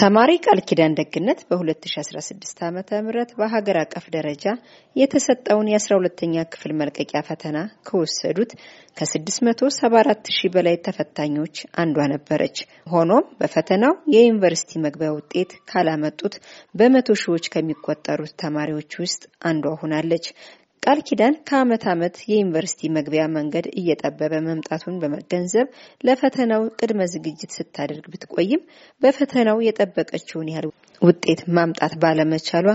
ተማሪ ቃል ኪዳን ደግነት በ2016 ዓ ም በሀገር አቀፍ ደረጃ የተሰጠውን የ12ተኛ ክፍል መልቀቂያ ፈተና ከወሰዱት ከ674 ሺህ በላይ ተፈታኞች አንዷ ነበረች። ሆኖም በፈተናው የዩኒቨርሲቲ መግቢያ ውጤት ካላመጡት በመቶ ሺዎች ከሚቆጠሩት ተማሪዎች ውስጥ አንዷ ሆናለች። ቃል ኪዳን ከዓመት ዓመት የዩኒቨርሲቲ መግቢያ መንገድ እየጠበበ መምጣቱን በመገንዘብ ለፈተናው ቅድመ ዝግጅት ስታደርግ ብትቆይም በፈተናው የጠበቀችውን ያህል ውጤት ማምጣት ባለመቻሏ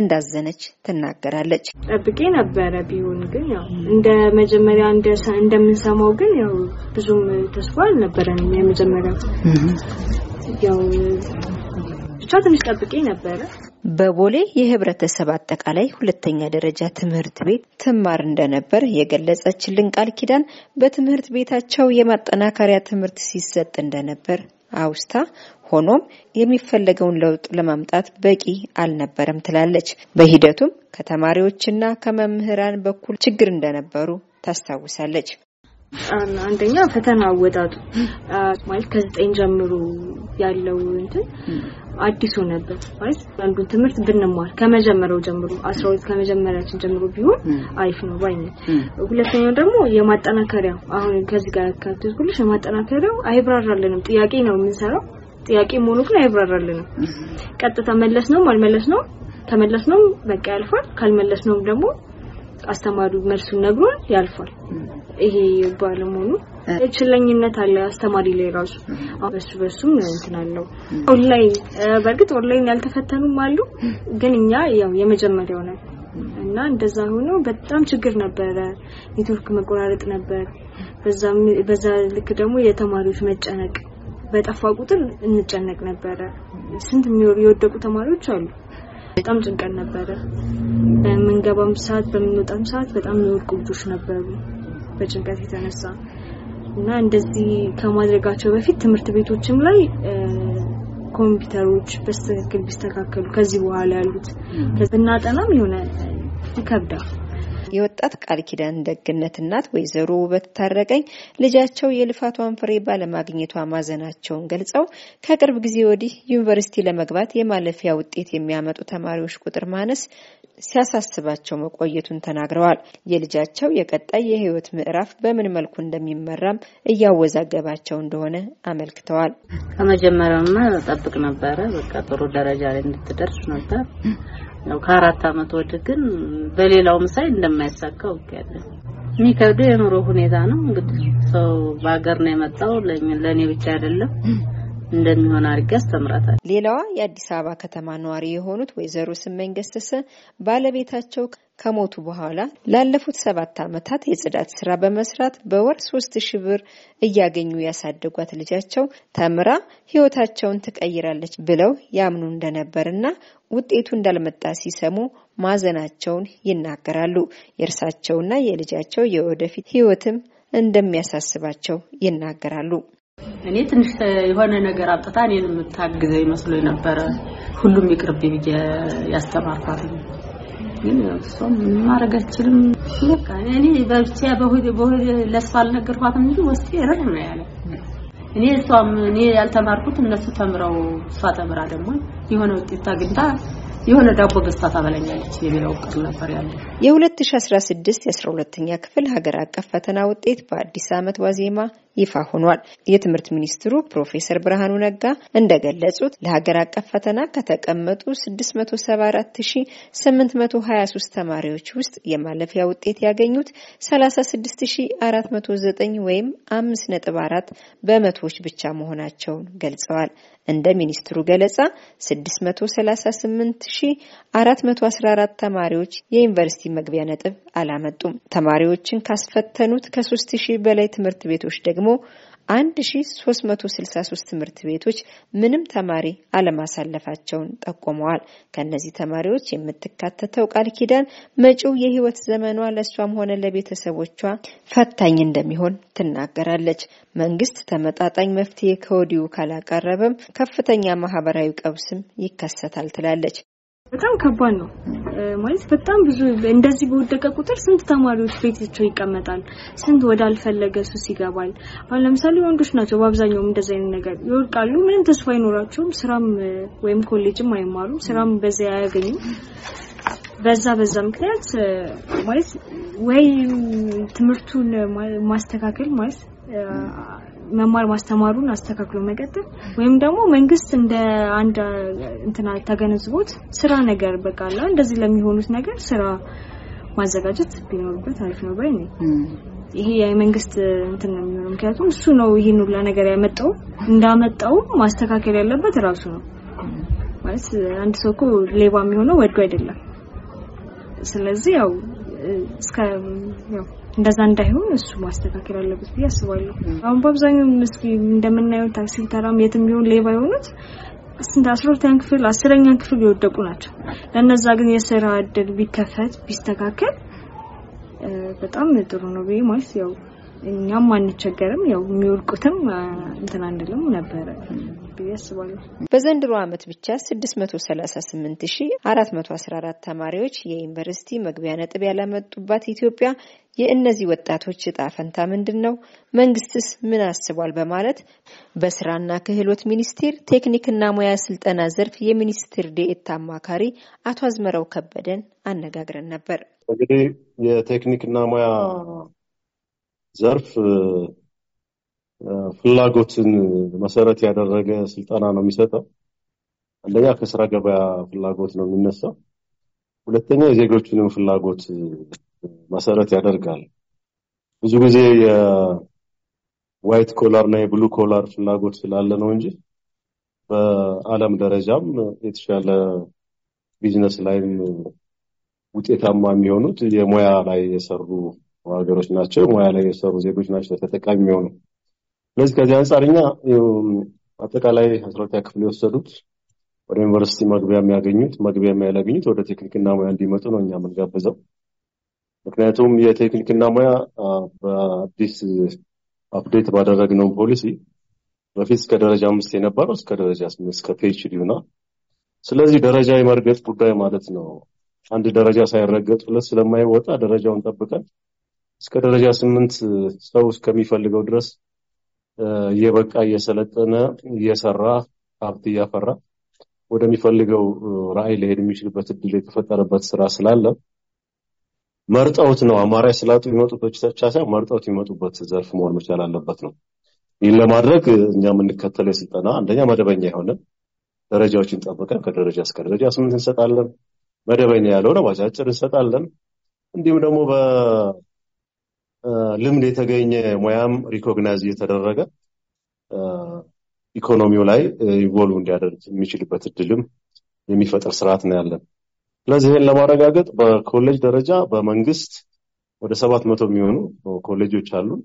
እንዳዘነች ትናገራለች። ጠብቄ ነበረ ቢሆን ግን ያው እንደ መጀመሪያ እንደምንሰማው ግን ያው ብዙም ተስፋ አልነበረንም። የመጀመሪያው ያው ብቻ ትንሽ ጠብቄ ነበረ በቦሌ የህብረተሰብ አጠቃላይ ሁለተኛ ደረጃ ትምህርት ቤት ትማር እንደነበር የገለጸችልን ቃል ኪዳን በትምህርት ቤታቸው የማጠናከሪያ ትምህርት ሲሰጥ እንደነበር አውስታ ሆኖም የሚፈለገውን ለውጥ ለማምጣት በቂ አልነበረም ትላለች። በሂደቱም ከተማሪዎችና ከመምህራን በኩል ችግር እንደነበሩ ታስታውሳለች። አንደኛ ፈተና አወጣጡ ማለት ከዘጠኝ ጀምሮ ያለው እንትን አዲስ ሆነበት ማለት አንዱን ትምህርት ብንማር ከመጀመሪያው ጀምሮ አስራ ሁለት ከመጀመሪያችን ጀምሮ ቢሆን አሪፍ ነው ባይነት። ሁለተኛው ደግሞ የማጠናከሪያው አሁን ከዚህ ጋር ያካተትኩልሽ የማጠናከሪያው አይብራራልንም። ጥያቄ ነው የምንሰራው። ጥያቄ መሆኑ ግን አይብራራልንም። ቀጥታ መለስ ነው አልመለስ ነው ተመለስ ነው በቃ ያልፋል። ካልመለስ ነው ደግሞ አስተማሪው መልሱን ነግሮን ያልፋል። ይሄ ባለመሆኑ ችለኝነት አለ አስተማሪ ላይ ራሱ በሱ በሱም እንትን አለው። ኦንላይን በእርግጥ ኦንላይን ያልተፈተኑም አሉ፣ ግን እኛ ያው የመጀመሪያው ነው እና እንደዛ ሆኖ በጣም ችግር ነበረ። ኔትወርክ መቆራረጥ ነበር። በዛ ልክ ደግሞ የተማሪዎች መጨነቅ በጠፋ ቁጥር እንጨነቅ ነበረ። ስንት የሚወሩ የወደቁ ተማሪዎች አሉ። በጣም ጭንቀት ነበረ። በምንገባም ሰዓት በምንወጣም ሰዓት በጣም የወድቁ ልጆች ነበሩ በጭንቀት የተነሳ እና እንደዚህ ከማድረጋቸው በፊት ትምህርት ቤቶችም ላይ ኮምፒውተሮች በስትክክል ቢስተካከሉ ከዚህ በኋላ ያሉት ብናጠናም የሆነ ይከብዳል። የወጣት ቃል ኪዳን ደግነት እናት ወይዘሮ ውበት ታረቀኝ ልጃቸው የልፋቷን ፍሬ ባለማግኘቷ ማዘናቸውን ገልጸው ከቅርብ ጊዜ ወዲህ ዩኒቨርሲቲ ለመግባት የማለፊያ ውጤት የሚያመጡ ተማሪዎች ቁጥር ማነስ ሲያሳስባቸው መቆየቱን ተናግረዋል። የልጃቸው የቀጣይ የሕይወት ምዕራፍ በምን መልኩ እንደሚመራም እያወዛገባቸው እንደሆነ አመልክተዋል። ከመጀመሪያውማ ጠብቅ ነበረ። በቃ ጥሩ ደረጃ ላይ እንድትደርስ ነበር ያው ከአራት ዓመት ወዲህ ግን በሌላውም ሳይ እንደማይሳካው ይካያለን። የሚከብደው የኑሮ ሁኔታ ነው እንግዲህ ሰው በሀገር ነው የመጣው ለኔ ብቻ አይደለም እንደሚሆን አድርጌ አስተምራታል። ሌላዋ የአዲስ አበባ ከተማ ነዋሪ የሆኑት ወይዘሮ ስመኝ ገሰሰ ባለቤታቸው ከሞቱ በኋላ ላለፉት ሰባት ዓመታት የጽዳት ስራ በመስራት በወር ሶስት ሺህ ብር እያገኙ ያሳደጓት ልጃቸው ተምራ ህይወታቸውን ትቀይራለች ብለው ያምኑ እንደነበርና ውጤቱ እንዳልመጣ ሲሰሙ ማዘናቸውን ይናገራሉ። የእርሳቸውና የልጃቸው የወደፊት ህይወትም እንደሚያሳስባቸው ይናገራሉ። እኔ ትንሽ የሆነ ነገር አምጥታ እኔን የምታግዘኝ መስሎ ነበረ። ሁሉም ይቅርብ ብዬ ያስተማርኳት ግን እሷም ማድረግ አችልም። በቃ እኔ በብቻ በሁድ በሁድ ለእሷ አልነገርኳትም እንጂ ውስጤ ርር ነው ያለ። እኔ እሷም እኔ ያልተማርኩት እነሱ ተምረው እሷ ተምራ ደግሞ የሆነ ውጤት አግኝታ የሆነ ዳቦ ገዝታ ታበላኛለች የሚለው ቅር ነበር ያለ። የ2016 የ12ኛ ክፍል ሀገር አቀፍ ፈተና ውጤት በአዲስ ዓመት ዋዜማ ይፋ ሆኗል። የትምህርት ሚኒስትሩ ፕሮፌሰር ብርሃኑ ነጋ እንደገለጹት ለሀገር አቀፍ ፈተና ከተቀመጡ 674823 ተማሪዎች ውስጥ የማለፊያ ውጤት ያገኙት 36409 ወይም 5.4 በመቶዎች ብቻ መሆናቸውን ገልጸዋል። እንደ ሚኒስትሩ ገለጻ 638414 ተማሪዎች የዩኒቨርሲቲ መግቢያ ነጥብ አላመጡም። ተማሪዎችን ካስፈተኑት ከ3000 በላይ ትምህርት ቤቶች ደግሞ ደግሞ 1363 ትምህርት ቤቶች ምንም ተማሪ አለማሳለፋቸውን ጠቁመዋል። ከነዚህ ተማሪዎች የምትካተተው ቃል ኪዳን መጪው የህይወት ዘመኗ ለእሷም ሆነ ለቤተሰቦቿ ፈታኝ እንደሚሆን ትናገራለች። መንግስት ተመጣጣኝ መፍትሄ ከወዲሁ ካላቀረበም ከፍተኛ ማህበራዊ ቀውስም ይከሰታል ትላለች። በጣም ከባድ ነው። ማለት በጣም ብዙ እንደዚህ በወደቀ ቁጥር ስንት ተማሪዎች ቤታቸው ይቀመጣል፣ ስንት ወዳልፈለገ ሱስ ይገባል። አሁን ለምሳሌ ወንዶች ናቸው በአብዛኛው እንደዚህ አይነት ነገር ይወድቃሉ። ምንም ተስፋ አይኖራቸውም። ስራም ወይም ኮሌጅም አይማሩም፣ ስራም በዛ አያገኙም። በዛ በዛ ምክንያት ማለት ወይ ትምህርቱን ማስተካከል ማለት መማር ማስተማሩን አስተካክሎ መቀጠል ወይም ደግሞ መንግስት እንደ አንድ እንትና ተገነዝቦት ስራ ነገር በቃላ እንደዚህ ለሚሆኑት ነገር ስራ ማዘጋጀት ቢኖርበት አሪፍ ነው ባይ ነኝ። ይሄ የመንግስት እንትን ነው የሚሆነው። ምክንያቱም እሱ ነው ይሄን ሁላ ነገር ያመጣው። እንዳመጣው ማስተካከል ያለበት ራሱ ነው ማለት አንድ ሰው እኮ ሌባ የሚሆነው ወዶ አይደለም። ስለዚህ ያው እስከ ያው እንደዛ እንዳይሆን እሱ ማስተካከል አለበት ብዬ አስባለሁ። አሁን በአብዛኛው እስኪ እንደምናየው ታክሲ ተራም የትም ቢሆን ሌባ የሆኑት ስንት አስራ ሁለተኛ ክፍል አስረኛ ክፍል የወደቁ ናቸው። ለነዛ ግን የስራ እድል ቢከፈት ቢስተካከል በጣም ጥሩ ነው ብዬ ማለት ያው እኛም አንቸገርም። ያው የሚወድቁትም እንትን አንልም ነበረ ብዬ አስባለሁ። በዘንድሮ ዓመት ብቻ 638414 ተማሪዎች የዩኒቨርሲቲ መግቢያ ነጥብ ያላመጡባት ኢትዮጵያ የእነዚህ ወጣቶች እጣ ፈንታ ምንድን ነው? መንግስትስ ምን አስቧል? በማለት በስራና ክህሎት ሚኒስቴር ቴክኒክና ሙያ ስልጠና ዘርፍ የሚኒስትር ዴኤታ አማካሪ አቶ አዝመራው ከበደን አነጋግረን ነበር። እንግዲህ የቴክኒክና ሙያ ዘርፍ ፍላጎትን መሰረት ያደረገ ስልጠና ነው የሚሰጠው። አንደኛ ከስራ ገበያ ፍላጎት ነው የሚነሳው። ሁለተኛ የዜጎችንም ፍላጎት መሰረት ያደርጋል። ብዙ ጊዜ የዋይት ኮላር እና የብሉ ኮላር ፍላጎት ስላለ ነው እንጂ በዓለም ደረጃም የተሻለ ቢዝነስ ላይ ውጤታማ የሚሆኑት የሙያ ላይ የሰሩ ሀገሮች ናቸው። ሙያ ላይ የሰሩ ዜጎች ናቸው ተጠቃሚ የሚሆኑ። ስለዚህ ከዚህ አንጻር እኛ አጠቃላይ አስራ ክፍል የወሰዱት ወደ ዩኒቨርሲቲ መግቢያ የሚያገኙት መግቢያ የሚያገኙት ወደ ቴክኒክና ሙያ እንዲመጡ ነው እኛ የምንጋብዘው። ምክንያቱም የቴክኒክና ሙያ በአዲስ አፕዴት ባደረግነው ፖሊሲ በፊት እስከ ደረጃ አምስት የነበረው እስከ ደረጃ ስምንት እስከ ፒኤችዲ ስለዚህ ደረጃ የመርገጥ ጉዳይ ማለት ነው። አንድ ደረጃ ሳይረገጥ ሁለት ስለማይወጣ ደረጃውን ጠብቀን እስከ ደረጃ ስምንት ሰው እስከሚፈልገው ድረስ እየበቃ እየሰለጠነ እየሰራ ሀብት እያፈራ ወደሚፈልገው ራዕይ ሊሄድ የሚችልበት እድል የተፈጠረበት ስራ ስላለ መርጠውት ነው አማራጭ ስላጡ የሚመጡት ብቻ ሳይሆን መርጠውት የሚመጡበት ዘርፍ መሆን መቻል አለበት ነው። ይህን ለማድረግ እኛ የምንከተለው የስልጠና አንደኛ መደበኛ የሆነ ደረጃዎችን ጠብቀን ከደረጃ እስከ ደረጃ ስምንት እንሰጣለን። መደበኛ ነው ባጫጭር እንሰጣለን። እንዲሁም ደግሞ ልምድ የተገኘ ሙያም ሪኮግናይዝ እየተደረገ ኢኮኖሚው ላይ ይጎሉ እንዲያደርግ የሚችልበት እድልም የሚፈጥር ስርዓት ነው ያለን። ስለዚህ ይህን ለማረጋገጥ በኮሌጅ ደረጃ በመንግስት ወደ ሰባት መቶ የሚሆኑ ኮሌጆች አሉን።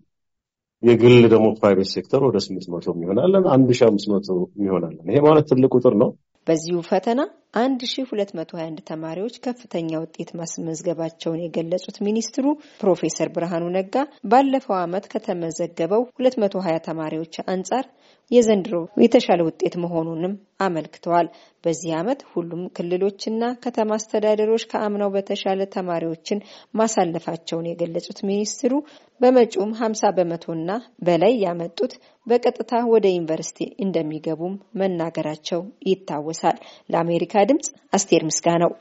የግል ደግሞ ፕራይቬት ሴክተር ወደ ስምንት መቶ የሚሆናለን አንድ ሺ አምስት መቶ የሚሆናለን። ይሄ ማለት ትልቅ ቁጥር ነው። በዚሁ ፈተና 1221 ተማሪዎች ከፍተኛ ውጤት ማስመዝገባቸውን የገለጹት ሚኒስትሩ ፕሮፌሰር ብርሃኑ ነጋ ባለፈው ዓመት ከተመዘገበው 220 ተማሪዎች አንጻር የዘንድሮ የተሻለ ውጤት መሆኑንም አመልክተዋል። በዚህ ዓመት ሁሉም ክልሎችና ከተማ አስተዳደሮች ከአምናው በተሻለ ተማሪዎችን ማሳለፋቸውን የገለጹት ሚኒስትሩ በመጪውም 50 በመቶና በላይ ያመጡት በቀጥታ ወደ ዩኒቨርሲቲ እንደሚገቡም መናገራቸው ይታወሳል። ለአሜሪካ ድምፅ አስቴር ነው